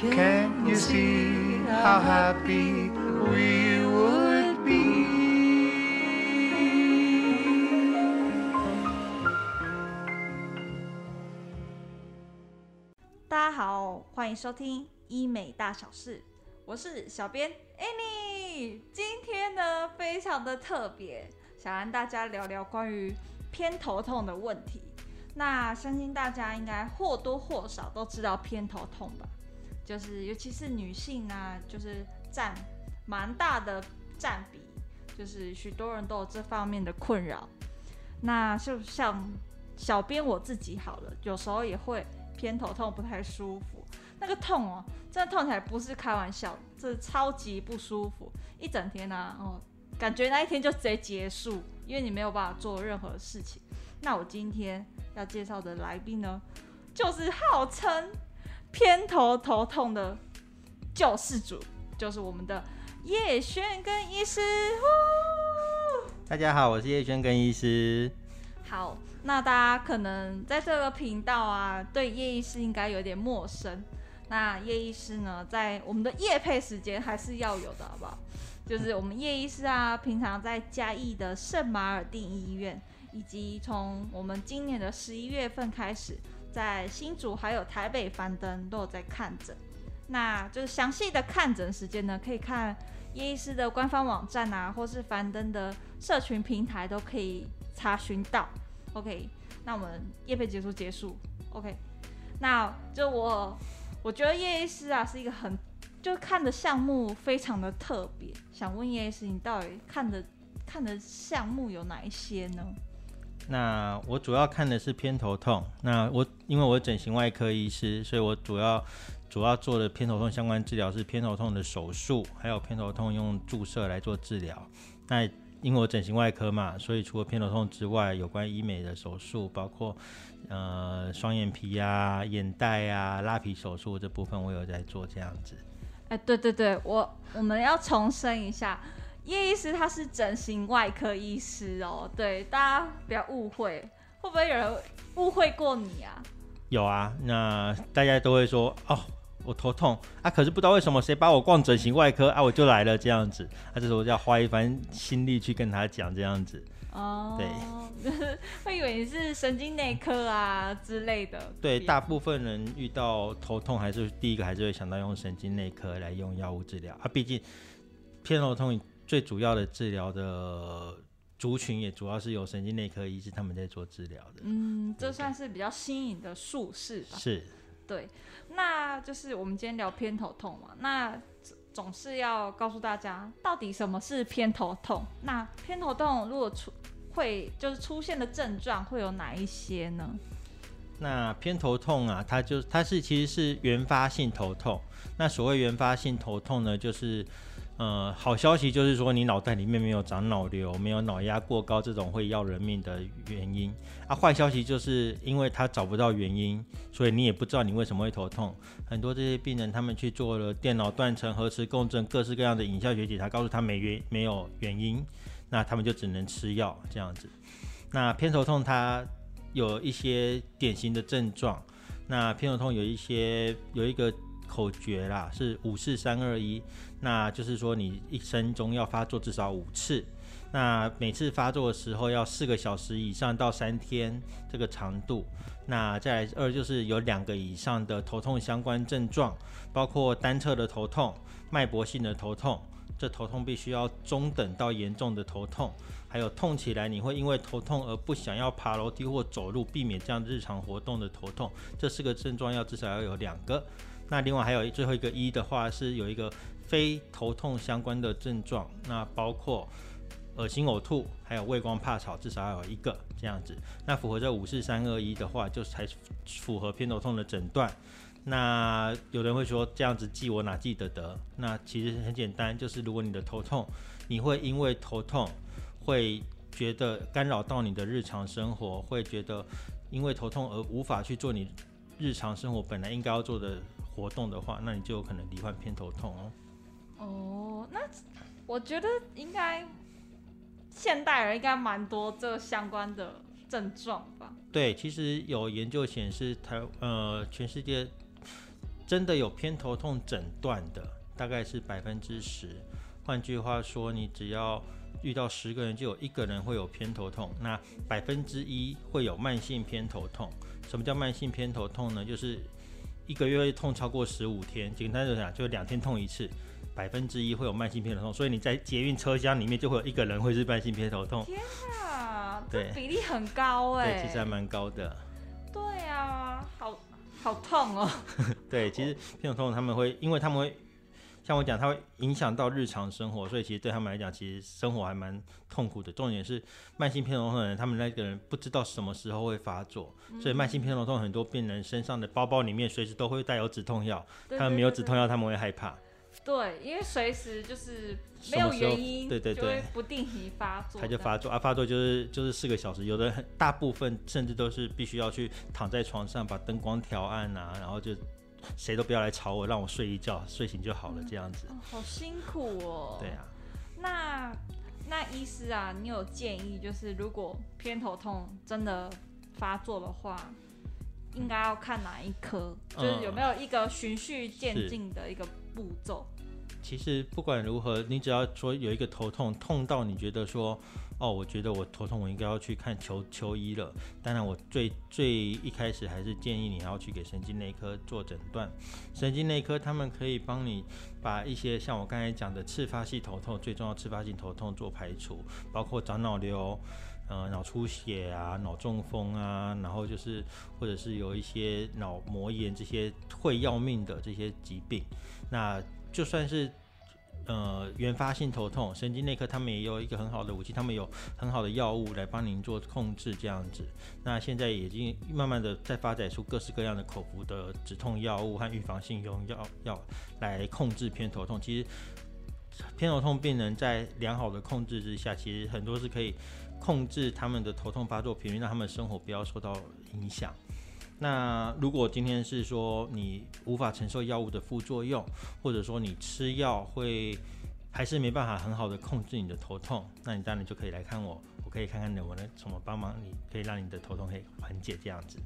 Can you see how happy we would be? 大家好，歡迎收聽醫美大小事，我是小編 Annie。今天呢，非常的特別，想跟大家聊聊關於偏頭痛的問題。那相信大家應該或多或少都知道偏頭痛吧。就是，尤其是女性啊，就是佔蠻大的佔比，就是許多人都有這方面的困擾。那就像小編我自己好了，有時候也會偏頭痛，不太舒服。那個痛哦、喔，真的痛起來不是開玩笑，這、就是、超級不舒服，一整天啊哦，感覺那一天就直接結束，因為你沒有辦法做任何事情。那我今天要介紹的來賓呢，就是號稱。偏頭頭痛的救世主，就是我們的葉亘耕醫師。大家好，我是葉亘耕醫師。好，那大家可能在這個頻道啊，對葉醫師應該有點陌生。那葉醫師呢，在我們的業配時間還是要有的，好不好？就是我們葉醫師啊，平常在嘉義的聖馬爾定醫院，以及從我們今年的十一月份開始。在新竹還有台北，凡登都有在看診，那就是詳細的看診時間呢，可以看葉醫師的官方網站啊，或是凡登的社群平台都可以查詢到。OK，那我們業配結束結束。OK，那就我我覺得葉醫師啊是一個很就看的項目非常的特別，想問葉醫師你到底看的看的項目有哪一些呢？那我主要看的是偏頭痛。那我因為我是整形外科醫師，所以我主要主要做的偏頭痛相關治療是偏頭痛的手術，還有偏頭痛用注射來做治療。那因為我整形外科嘛，所以除了偏頭痛之外，有關醫美的手術，包括呃雙眼皮啊、眼袋啊、拉皮手術這部分，我有在做這樣子。欸，對對對，我我們要重申一下。葉醫師他是整形外科醫師哦，對，大家不要誤會。會不會有人誤會過你啊？有啊，那大家都會說哦，我頭痛啊，可是不知道為什麼，誰把我逛整形外科、嗯、啊，我就來了這樣子啊，這時候我就要花一番心力去跟他講這樣子哦。對，會以為你是神經內科啊、嗯、之類的。對，大部分人遇到頭痛，還是第一個還是會想到用神經內科來用藥物治療啊，畢竟偏頭痛。最主要的治療的族群也主要是有神經內科醫師他們在做治療的。嗯，這算是比較新穎的術式吧？是，對。那就是我們今天聊偏頭痛嘛，那總是要告訴大家到底什麼是偏頭痛。那偏頭痛如果出會就是出現的症狀會有哪一些呢？那偏頭痛啊，它就它是其實是原發性頭痛。那所謂原發性頭痛呢，就是。呃、嗯，好消息就是說你腦袋裡面沒有長腦瘤，沒有腦壓過高這種會要人命的原因啊。壞消息就是因為他找不到原因，所以你也不知道你為什麼會頭痛。很多這些病人他們去做了電腦斷層、核磁共振、各式各樣的影像學檢查，告訴他沒原沒有原因，那他們就只能吃藥這樣子。那偏頭痛它有一些典型的症狀，那偏頭痛有一些有一個。口訣啦，是五四三二一，那就是說你一生中要發作至少五次，那每次發作的時候要四個小時以上到三天這個長度。那再來二就是有兩個以上的頭痛相關症狀，包括單側的頭痛、脈搏性的頭痛，這頭痛必須要中等到嚴重的頭痛，還有痛起來你會因為頭痛而不想要爬樓梯或走路，避免這樣日常活動的頭痛，這四個症狀要至少要有兩個。那另外還有最後一個一的話，是有一個非頭痛相關的症狀，那包括噁心、嘔吐，還有畏光怕吵，至少要有一個這樣子。那符合這五四三二一的話，就才符合偏頭痛的診斷。那有人會說這樣子記我哪記得得？那其實很簡單，就是如果你的頭痛，你會因為頭痛會覺得干擾到你的日常生活，會覺得因為頭痛而無法去做你日常生活本來應該要做的。活動的話，那你就有可能罹患偏頭痛哦。哦，那我覺得應該現代人應該蠻多這相關的症狀吧。對，其實有研究顯示，台呃全世界真的有偏頭痛診斷的大概是百分之十。換句話說，你只要遇到十個人，就有一個人會有偏頭痛。那百分之一會有慢性偏頭痛。什麼叫慢性偏頭痛呢？就是。一個月會痛超過十五天，簡單的講就兩天痛一次，百分之一會有慢性偏頭痛，所以你在捷運車廂裡面就會有一個人會是慢性偏頭痛。天啊，對，比例很高哎、欸，對，其實還蠻高的。對啊，好好痛哦、喔。 對，其實偏頭痛他們會，因為他們會。像我講，它會影響到日常生活，所以其實對他們來講，其實生活還蠻痛苦的。重點是，慢性偏頭痛的人，他們那個人不知道什麼時候會發作，嗯、所以慢性偏頭痛很多病人身上的包包裡面隨時都會帶有止痛藥。他們沒有止痛藥，他們會害怕。對，對，對，對，對，因為隨時就是沒有原因，對，對對對，不定時發作，他就發作啊，發作就是就是四個小時，有的很大部分甚至都是必須要去躺在床上，把燈光調暗吶、啊，然後就。誰都不要來吵我，讓我睡一覺，睡醒就好了。這樣子。嗯，哦，好辛苦哦。對啊，那那醫師啊，你有建議，就是如果偏頭痛真的發作的話，應該要看哪一科，就是有沒有一個循序漸進的一個步驟？嗯。其實不管如何，你只要說有一個頭痛，痛到你覺得說。哦，我覺得我頭痛，我應該要去看求求醫了。當然，我最最一開始還是建議你，要去給神經內科做診斷。神經內科他們可以幫你把一些像我剛才講的次發性頭痛，最重要次發性頭痛做排除，包括長腦瘤、嗯、呃，腦出血啊、腦中風啊，然後就是或者是有一些腦膜炎這些會要命的這些疾病，那就算是。呃，原發性頭痛，神經內科他們也有一個很好的武器，他們有很好的藥物來幫您做控制，這樣子。那現在已經慢慢的在發展出各式各樣的口服的止痛藥物和預防性用藥藥來控制偏頭痛。其實，偏頭痛病人在良好的控制之下，其實很多是可以控制他們的頭痛發作頻率，讓他們生活不要受到影響。那如果今天是說你無法承受藥物的副作用，或者說你吃藥會還是沒辦法很好的控制你的頭痛，那你當然你就可以來看我，我可以看看能不能怎麼幫忙你，你可以讓你的頭痛可以緩解這樣子。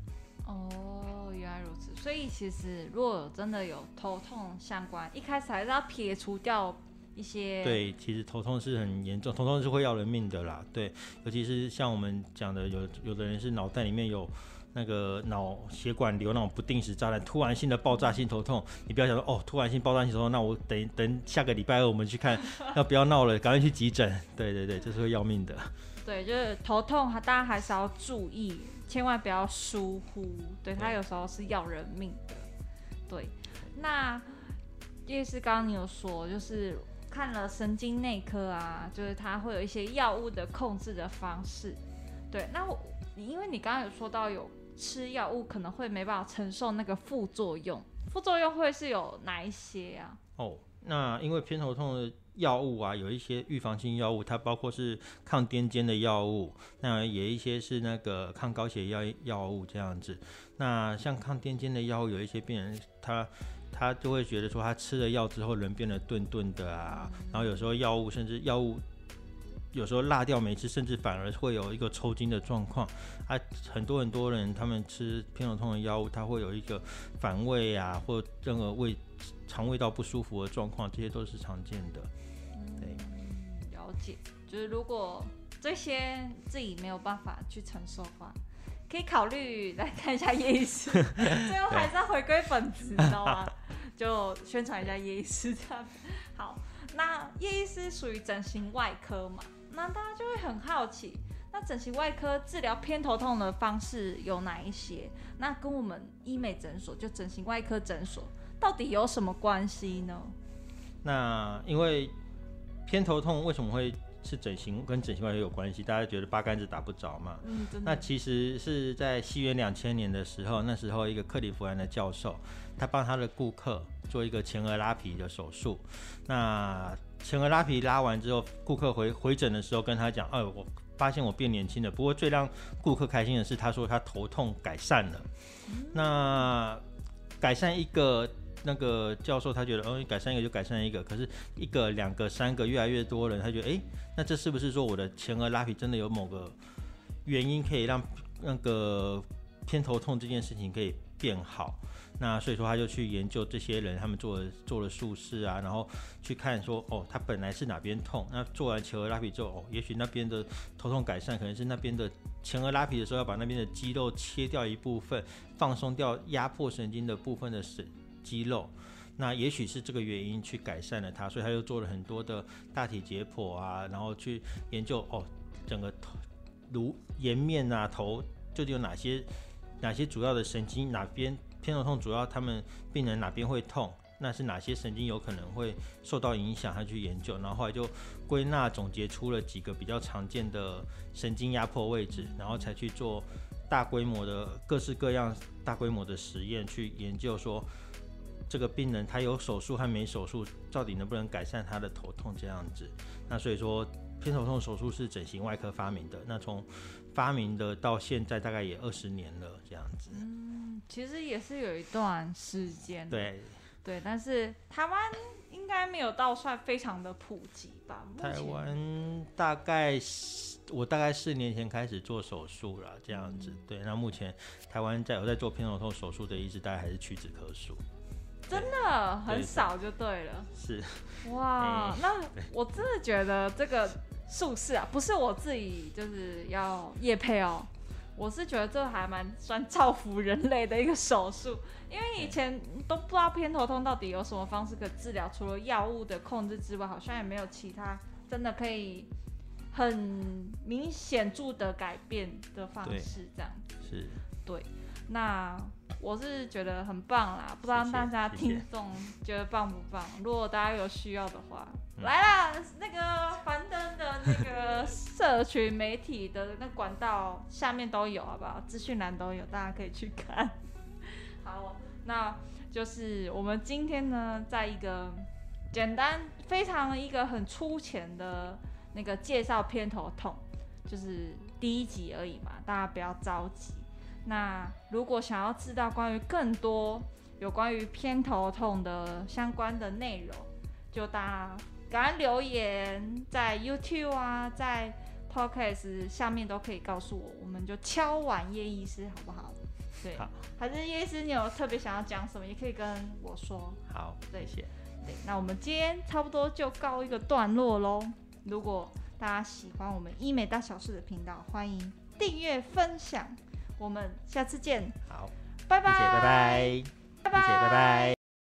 哦，原來如此。所以其實如果真的有頭痛相關，一開始還是要撇除掉一些。對，其實頭痛是很嚴重，頭痛是會要人命的啦。對，尤其是像我們講的，有有的人是腦袋裡面有。那個腦血管瘤那種不定時炸彈，突然性的爆炸性頭痛，你不要想說哦，突然性爆炸性頭痛，那我等等下個禮拜二我們去看， 要不要鬧了？趕快去急診。對對對，這，就是會要命的。對，就是頭痛，大家還是要注意，千萬不要疏忽。對，他有時候是要人命的。對，對那也是剛剛你有說，就是看了神經內科啊，就是他會有一些藥物的控制的方式。對，那我因為你剛剛有說到有。吃藥物可能會沒辦法承受那個副作用，副作用會是有哪一些啊？哦、oh,，那因為偏頭痛的藥物啊，有一些預防性藥物，它包括是抗癲癇的藥物，那也一些是那個抗高血壓藥物這樣子。那像抗癲癇的藥物，有一些病人他他就會覺得說，他吃了藥之後人變得鈍鈍的啊、嗯，然後有時候藥物甚至藥物。有時候辣掉，沒吃，甚至反而會有一個抽筋的狀況啊！很多很多人他們吃偏頭痛的藥物，他會有一個反胃啊，或任何胃、腸胃道不舒服的狀況，這些都是常見的。對，了解。就是如果這些自己沒有辦法去承受的話，可以考慮來看一下葉醫師。 最後還是要回歸本職，你知道嗎？ 就宣傳一下葉醫師這樣。好，那葉醫師屬於整形外科嘛？那大家就會很好奇，那整形外科治療偏頭痛的方式有哪一些？那跟我們醫美診所，就整形外科診所，到底有什麼關係呢？那因為偏頭痛為什麼會是整形跟整形外科有關係？大家覺得八竿子打不着嘛？嗯，真的。那其實是在西元兩千年的時候，那時候一個克里夫蘭的教授，他幫他的顧客做一個前額拉皮的手術，那。前額拉皮拉完之後，顧客回回診的時候跟他講：“哦、哎，我發現我變年輕了。”不過最讓顧客開心的是，他說他頭痛改善了。那改善一個那個教授，他覺得哦，改善一個就改善一個。可是一個、兩個、三個，越來越多人，他覺得誒、欸，那這是不是說我的前額拉皮真的有某個原因可以讓那個偏頭痛這件事情可以？變好，那所以說他就去研究這些人，他們做了做了術式啊，然後去看說，哦，他本來是哪邊痛，那做完前額拉皮之後，哦，也許那邊的頭痛改善，可能是那邊的前額拉皮的時候要把那邊的肌肉切掉一部分，放鬆掉壓迫神經的部分的肌肉，那也許是這個原因去改善了他，所以他又做了很多的大體解剖啊，然後去研究哦，整個頭顱顏面啊頭，究竟有哪些？哪些主要的神經，哪邊偏頭痛主要？他們病人哪邊會痛？那是哪些神經有可能會受到影響？他去研究，然後後來就歸納總結出了幾個比較常見的神經壓迫位置，然後才去做大規模的各式各樣大規模的實驗，去研究說這個病人他有手術和沒手術到底能不能改善他的頭痛這樣子。那所以說偏頭痛手術是整形外科發明的。那從發明的到現在大概也二十年了，這樣子、嗯。其實也是有一段時間。對，對，但是台灣應該沒有到算非常的普及吧？台灣大概我大概四年前開始做手術了，這樣子、嗯。對，那目前台灣在有在做偏頭痛手術的醫師大概還是屈指可數。真的很少就對了，是哇。那我真的覺得這個術式啊，不是我自己就是要業配哦，我是覺得這還蠻算造福人類的一個手術，因為以前都不知道偏頭痛到底有什麼方式可治療，除了藥物的控制之外，好像也沒有其他真的可以很明顯著的改變的方式這樣子，是對，那。我是覺得很棒啦，謝謝，不知道大家聽眾覺得棒不棒？謝謝。如果大家有需要的話，嗯、來啦，那個，凡登的那個社群媒體的那管道， 下面都有，好不好？資訊欄都有，大家可以去看。 好、啊，那就是我們今天呢，在一個簡單，非常一個很粗淺的那個介紹偏頭痛，就是第一集而已嘛，大家不要着急。那如果想要知道關於更多有關於偏頭痛的相關的內容，就大家趕快留言在 YouTube 啊，在 Podcast 下面都可以告訴我，我們就敲完葉醫師好不好？對，還是葉醫師，你有特別想要講什麼，也可以跟我說。好，謝謝。對，那我們今天差不多就告一個段落嘍。如果大家喜歡我們醫美大小事的頻道，歡迎訂閱分享。我們下次見。好，bye bye 拜拜，bye bye 拜拜，拜拜，拜拜。